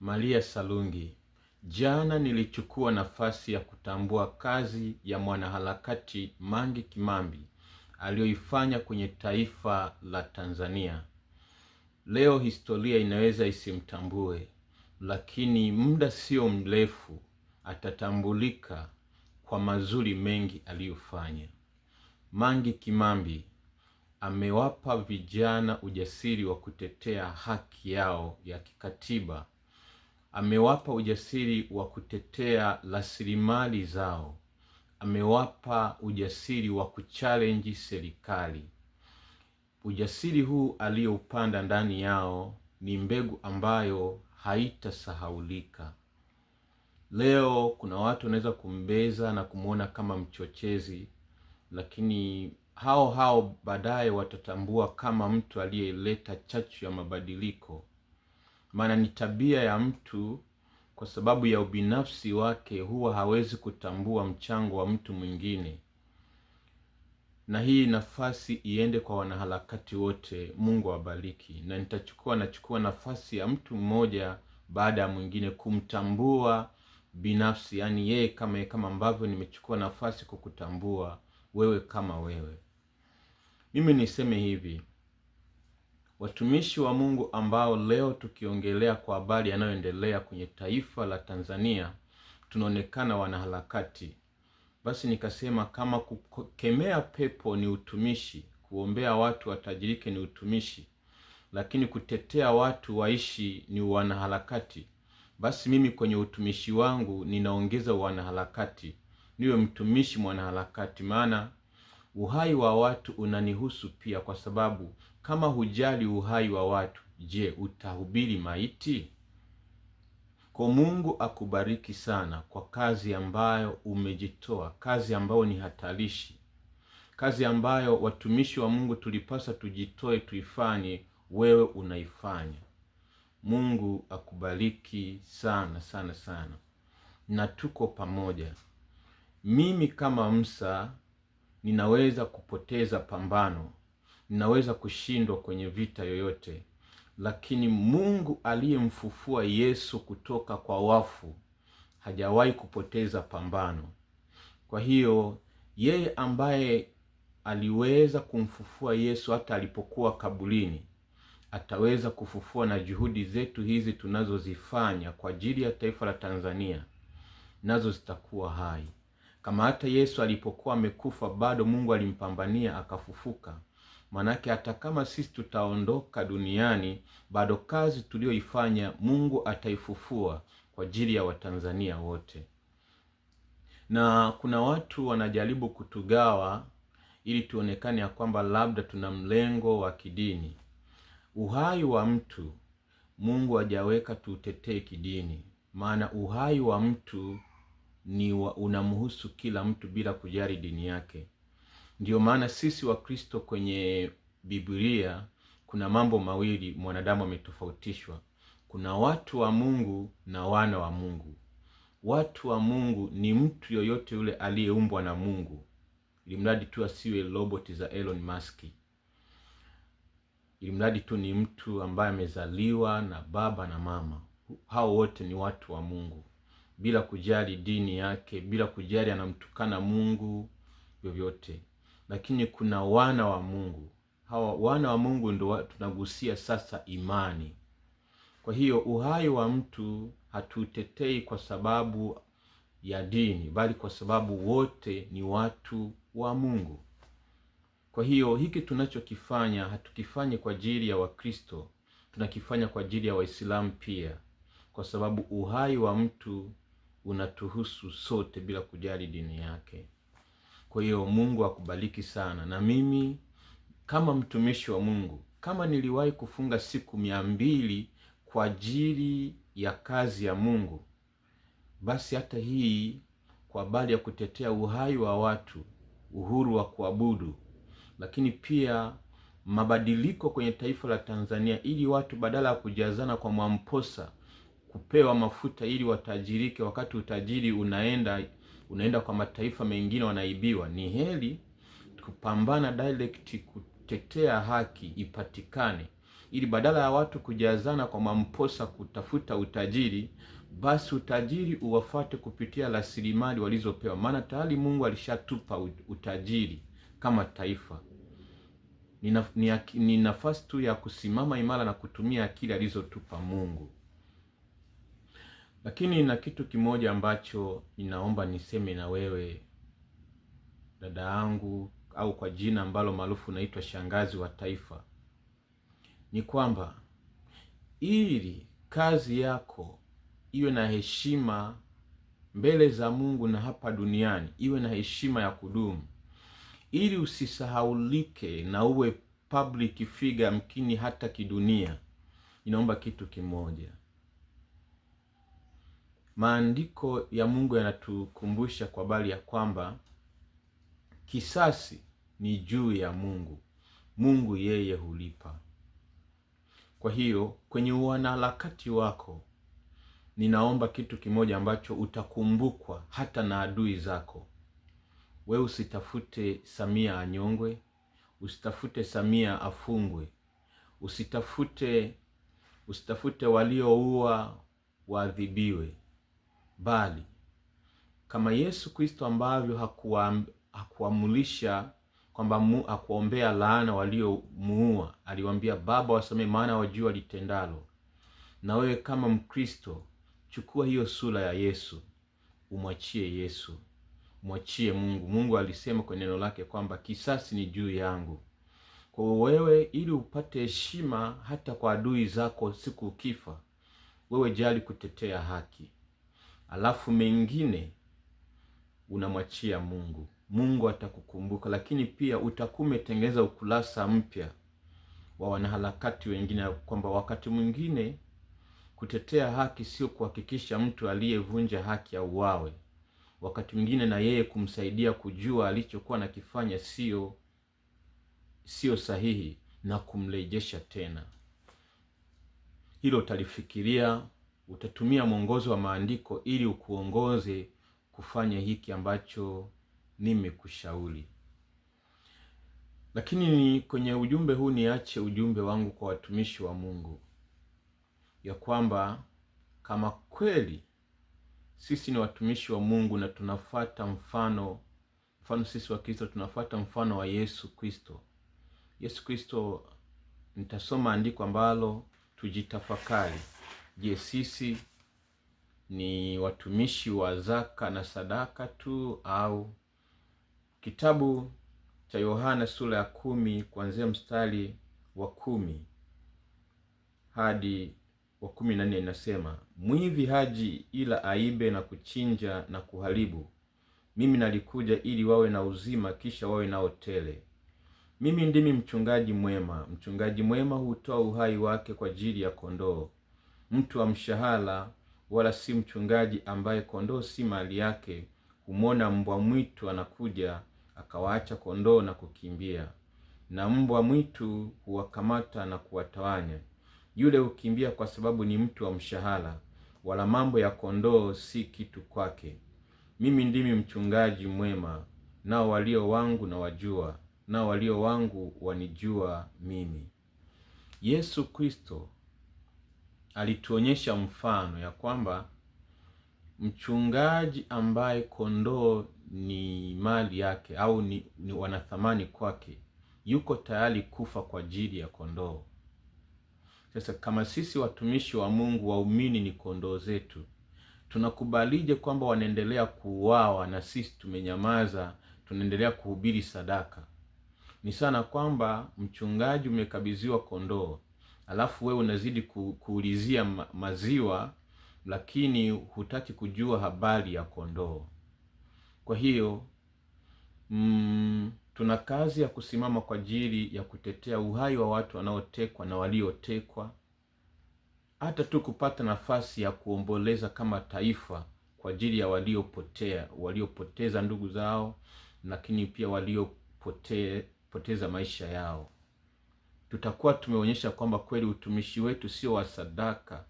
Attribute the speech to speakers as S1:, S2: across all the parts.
S1: Maria Salungi. Jana nilichukua nafasi ya kutambua kazi ya mwanaharakati Mange Kimambi aliyoifanya kwenye taifa la Tanzania. Leo historia inaweza isimtambue, lakini muda sio mrefu atatambulika kwa mazuri mengi aliyofanya. Mange Kimambi amewapa vijana ujasiri wa kutetea haki yao ya kikatiba amewapa ujasiri wa kutetea rasilimali zao, amewapa ujasiri wa kuchalenji serikali. Ujasiri huu aliyoupanda ndani yao ni mbegu ambayo haitasahaulika. Leo kuna watu wanaweza kumbeza na kumwona kama mchochezi, lakini hao hao baadaye watatambua kama mtu aliyeleta chachu ya mabadiliko maana ni tabia ya mtu kwa sababu ya ubinafsi wake huwa hawezi kutambua mchango wa mtu mwingine, na hii nafasi iende kwa wanaharakati wote. Mungu awabariki. Na nitachukua nachukua nafasi ya mtu mmoja baada ya mwingine kumtambua binafsi, yaani yeye kama ye kama ambavyo nimechukua nafasi kukutambua wewe kama wewe. Mimi niseme hivi, watumishi wa Mungu ambao leo tukiongelea kwa habari yanayoendelea kwenye taifa la Tanzania tunaonekana wanaharakati. Basi nikasema kama kukemea pepo ni utumishi, kuombea watu watajirike ni utumishi, lakini kutetea watu waishi ni wanaharakati, basi mimi kwenye utumishi wangu ninaongeza wanaharakati, niwe mtumishi mwanaharakati, maana uhai wa watu unanihusu pia, kwa sababu kama hujali uhai wa watu, je, utahubiri maiti? Kwa Mungu akubariki sana kwa kazi ambayo umejitoa, kazi ambayo ni hatarishi, kazi ambayo watumishi wa Mungu tulipasa tujitoe tuifanye, wewe unaifanya. Mungu akubariki sana sana sana, na tuko pamoja. Mimi kama Musa ninaweza kupoteza pambano Ninaweza kushindwa kwenye vita yoyote, lakini Mungu aliyemfufua Yesu kutoka kwa wafu hajawahi kupoteza pambano. Kwa hiyo yeye ambaye aliweza kumfufua Yesu hata alipokuwa kabulini ataweza kufufua na juhudi zetu hizi tunazozifanya kwa ajili ya taifa la Tanzania nazo zitakuwa hai. Kama hata Yesu alipokuwa amekufa bado Mungu alimpambania akafufuka, Manake hata kama sisi tutaondoka duniani, bado kazi tuliyoifanya Mungu ataifufua kwa ajili ya Watanzania wote. Na kuna watu wanajaribu kutugawa ili tuonekane ya kwamba labda tuna mlengo wa kidini. Uhai wa mtu Mungu hajaweka tuutetee kidini, maana uhai wa mtu ni unamhusu kila mtu bila kujali dini yake ndio maana sisi Wakristo kwenye Biblia kuna mambo mawili mwanadamu ametofautishwa. Kuna watu wa Mungu na wana wa Mungu. Watu wa Mungu ni mtu yoyote yule aliyeumbwa na Mungu, ili mradi tu asiwe roboti za Elon Musk, ili mradi tu ni mtu ambaye amezaliwa na baba na mama. Hao wote ni watu wa Mungu, bila kujali dini yake, bila kujali anamtukana Mungu vyovyote lakini kuna wana wa Mungu. Hawa wana wa Mungu ndio tunagusia sasa imani. Kwa hiyo uhai wa mtu hatutetei kwa sababu ya dini, bali kwa sababu wote ni watu wa Mungu. Kwa hiyo hiki tunachokifanya hatukifanyi kwa ajili ya Wakristo, tunakifanya kwa ajili ya Waislamu pia, kwa sababu uhai wa mtu unatuhusu sote bila kujali dini yake. Kwa hiyo Mungu akubariki sana. Na mimi kama mtumishi wa Mungu, kama niliwahi kufunga siku mia mbili kwa ajili ya kazi ya Mungu, basi hata hii kwa habari ya kutetea uhai wa watu, uhuru wa kuabudu, lakini pia mabadiliko kwenye taifa la Tanzania, ili watu badala ya kujazana kwa mwamposa kupewa mafuta ili watajirike, wakati utajiri unaenda unaenda kwa mataifa mengine wanaibiwa, ni heri kupambana direct kutetea haki ipatikane, ili badala ya watu kujazana kwa mamposa kutafuta utajiri, basi utajiri uwafate kupitia rasilimali walizopewa, maana tayari Mungu alishatupa utajiri kama taifa. Ni nafasi tu ya kusimama imara na kutumia akili alizotupa Mungu. Lakini na kitu kimoja ambacho ninaomba niseme na wewe dada yangu, au kwa jina ambalo maarufu unaitwa shangazi wa taifa, ni kwamba ili kazi yako iwe na heshima mbele za Mungu na hapa duniani iwe na heshima ya kudumu, ili usisahaulike na uwe public figure, mkini hata kidunia, inaomba kitu kimoja Maandiko ya Mungu yanatukumbusha kwa bali ya kwamba kisasi ni juu ya Mungu. Mungu yeye hulipa. Kwa hiyo kwenye uanaharakati wako, ninaomba kitu kimoja ambacho utakumbukwa hata na adui zako. We usitafute Samia anyongwe, usitafute Samia afungwe, usitafute usitafute walioua waadhibiwe bali kama Yesu Kristo ambavyo hakuamulisha kwamba hakuombea laana waliomuua, aliwaambia Baba wasamee, maana wajua litendalo Na wewe kama Mkristo chukua hiyo sura ya Yesu, umwachie Yesu, mwachie Mungu. Mungu alisema kwa neno lake kwamba kisasi ni juu yangu. Kwa wewe, ili upate heshima hata kwa adui zako siku ukifa, wewe jali kutetea haki alafu mengine unamwachia Mungu. Mungu atakukumbuka, lakini pia utakuwa umetengeneza ukurasa mpya wa wanaharakati wengine, kwamba wakati mwingine kutetea haki sio kuhakikisha mtu aliyevunja haki auawe, wakati mwingine na yeye kumsaidia kujua alichokuwa nakifanya sio sio sahihi na kumrejesha tena. Hilo utalifikiria utatumia mwongozo wa maandiko ili ukuongoze kufanya hiki ambacho nimekushauri. Lakini ni kwenye ujumbe huu niache ujumbe wangu kwa watumishi wa Mungu ya kwamba kama kweli sisi ni watumishi wa Mungu na tunafuata mfano mfano sisi wa Kristo tunafuata mfano wa Yesu Kristo. Yesu Kristo, nitasoma andiko ambalo tujitafakari Je, sisi ni watumishi wa zaka na sadaka tu au? Kitabu cha Yohana sura ya kumi kuanzia mstari wa kumi hadi wa kumi na nne inasema, mwivi haji ila aibe na kuchinja na kuharibu. Mimi nalikuja ili wawe na uzima, kisha wawe nao tele. Mimi ndimi mchungaji mwema. Mchungaji mwema hutoa uhai wake kwa ajili ya kondoo mtu wa mshahara wala si mchungaji ambaye kondoo si mali yake. Humwona mbwa mwitu anakuja, akawaacha kondoo na kukimbia, na mbwa mwitu huwakamata na kuwatawanya. Yule hukimbia kwa sababu ni mtu wa mshahara, wala mambo ya kondoo si kitu kwake. Mimi ndimi mchungaji mwema, nao walio wangu na wajua, nao walio wangu wanijua mimi. Yesu Kristo alituonyesha mfano ya kwamba mchungaji ambaye kondoo ni mali yake au ni, ni wanathamani kwake, yuko tayari kufa kwa ajili ya kondoo. Sasa kama sisi watumishi wa Mungu, waumini ni kondoo zetu, tunakubalije kwamba wanaendelea kuuawa na sisi tumenyamaza, tunaendelea kuhubiri sadaka? Ni sana kwamba mchungaji umekabidhiwa kondoo alafu wewe unazidi ku, kuulizia ma, maziwa lakini hutaki kujua habari ya kondoo. Kwa hiyo mm, tuna kazi ya kusimama kwa ajili ya kutetea uhai wa watu wanaotekwa na waliotekwa, hata tu kupata nafasi ya kuomboleza kama taifa kwa ajili ya waliopotea, waliopoteza ndugu zao, lakini pia waliopoteza maisha yao tutakuwa tumeonyesha kwamba kweli utumishi wetu sio wa sadaka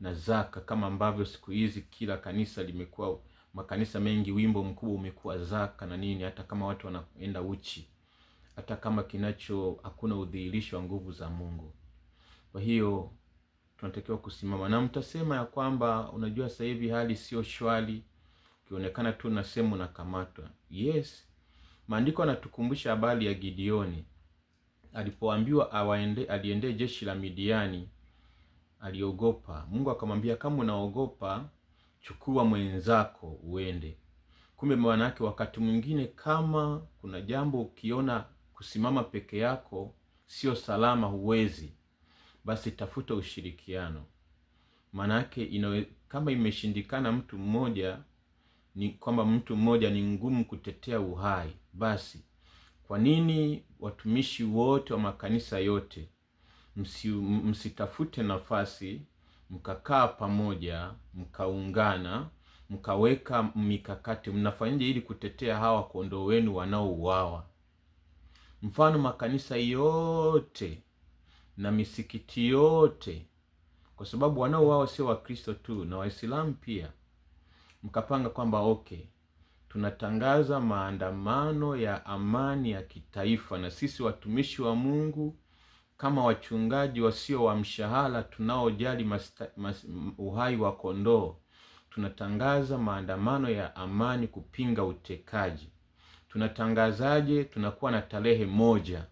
S1: na zaka kama ambavyo siku hizi kila kanisa limekuwa, makanisa mengi, wimbo mkubwa umekuwa zaka na nini, hata kama watu wanaenda uchi, hata kama kinacho hakuna udhihirisho wa nguvu za Mungu. Kwa hiyo tunatakiwa kusimama, na mtasema ya kwamba unajua, sasa hivi hali sio shwari, ukionekana tu na sehemu unakamatwa. Yes, maandiko yanatukumbusha habari ya Gideoni alipoambiwa awaende, aliendee jeshi la Midiani aliogopa. Mungu akamwambia kama unaogopa, chukua mwenzako uende. Kumbe maana yake wakati mwingine, kama kuna jambo ukiona kusimama peke yako sio salama, huwezi, basi tafuta ushirikiano. Maana yake kama imeshindikana mtu mmoja, ni kwamba mtu mmoja ni ngumu kutetea uhai, basi kwa nini watumishi wote wa makanisa yote, msi, msitafute nafasi mkakaa pamoja mkaungana mkaweka mikakati mnafanyaje ili kutetea hawa kondoo wenu wanaouawa. Mfano makanisa yote na misikiti yote, kwa sababu wanaouawa sio Wakristo tu na Waislamu pia, mkapanga kwamba okay tunatangaza maandamano ya amani ya kitaifa, na sisi watumishi wa Mungu kama wachungaji wasio wa mshahara tunaojali uhai wa kondoo, tunatangaza maandamano ya amani kupinga utekaji. Tunatangazaje? Tunakuwa na tarehe moja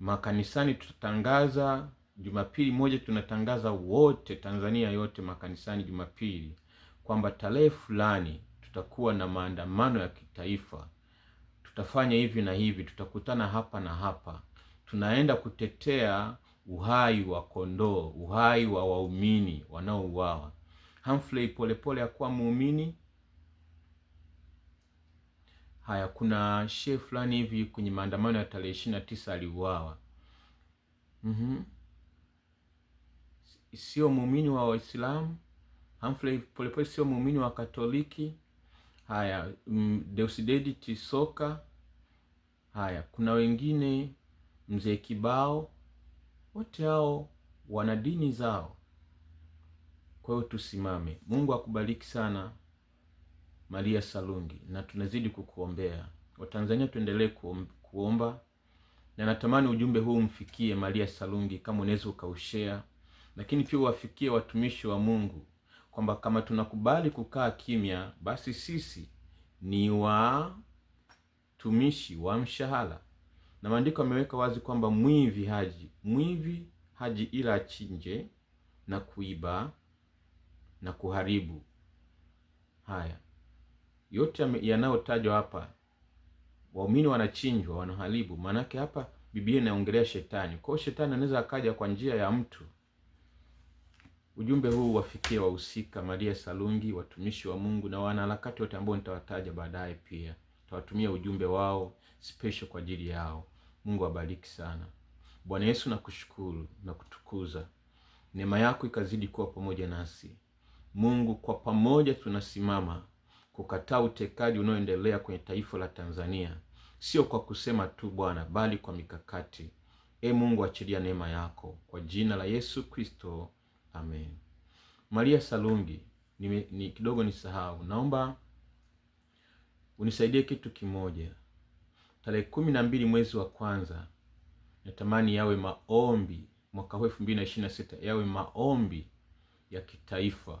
S1: makanisani, tutatangaza Jumapili moja, tunatangaza wote Tanzania yote makanisani Jumapili kwamba tarehe fulani tutakuwa na maandamano ya kitaifa, tutafanya hivi na hivi, tutakutana hapa na hapa. Tunaenda kutetea uhai wa kondoo, uhai wa waumini wanaouawa. Humphrey Polepole hakuwa muumini. Haya, kuna shee fulani hivi kwenye maandamano ya tarehe ishirini na tisa aliuawa. mm -hmm. Sio muumini wa Waislamu. Humphrey Polepole sio muumini wa Katoliki. Haya, mm, Deusdedit Soka. Haya, kuna wengine mzee Kibao, wote hao wana dini zao. Kwa hiyo tusimame. Mungu akubariki sana Maria Salungi, na tunazidi kukuombea. Watanzania tuendelee kuomba, na natamani ujumbe huu umfikie Maria Salungi, kama unaweza ukaushea, lakini pia uwafikie watumishi wa Mungu kwamba kama tunakubali kukaa kimya, basi sisi ni watumishi wa mshahara, na maandiko yameweka wazi kwamba mwivi haji mwivi haji ila achinje na kuiba na kuharibu. Haya yote yanayotajwa hapa, waumini wanachinjwa, wanaharibu, maanake hapa Biblia inaongelea shetani. Kwa hiyo shetani anaweza akaja kwa njia ya mtu Ujumbe huu wafikie wahusika Maria Salungi, watumishi wa Mungu na wanaharakati wote ambao nitawataja baadaye. Pia tawatumia ujumbe wao special kwa ajili yao. Mungu awabariki sana. Bwana Yesu, nakushukuru na kutukuza, neema yako ikazidi kuwa pamoja nasi. Mungu, kwa pamoja tunasimama kukataa utekaji unaoendelea kwenye taifa la Tanzania, sio kwa kusema tu Bwana, bali kwa mikakati. E Mungu, achilia neema yako kwa jina la Yesu Kristo. Amen. Maria Salungi ni, ni kidogo nisahau, naomba unisaidie kitu kimoja. Tarehe kumi na mbili mwezi wa kwanza natamani yawe maombi mwaka huu elfu mbili na ishirini na sita yawe maombi ya kitaifa,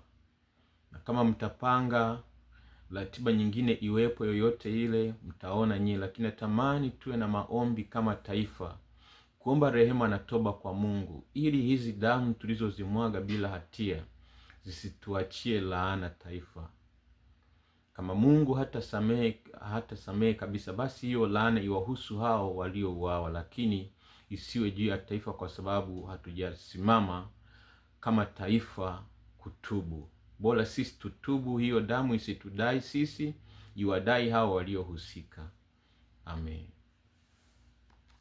S1: na kama mtapanga ratiba nyingine iwepo yoyote ile mtaona nyie, lakini natamani tuwe na maombi kama taifa kuomba rehema na toba kwa Mungu ili hizi damu tulizozimwaga bila hatia zisituachie laana taifa. Kama Mungu hata samehe kabisa, basi hiyo laana iwahusu hao waliouawa, lakini isiwe juu ya taifa, kwa sababu hatujasimama kama taifa kutubu. Bora sisi tutubu, hiyo damu isitudai sisi, iwadai hao waliohusika. Amen.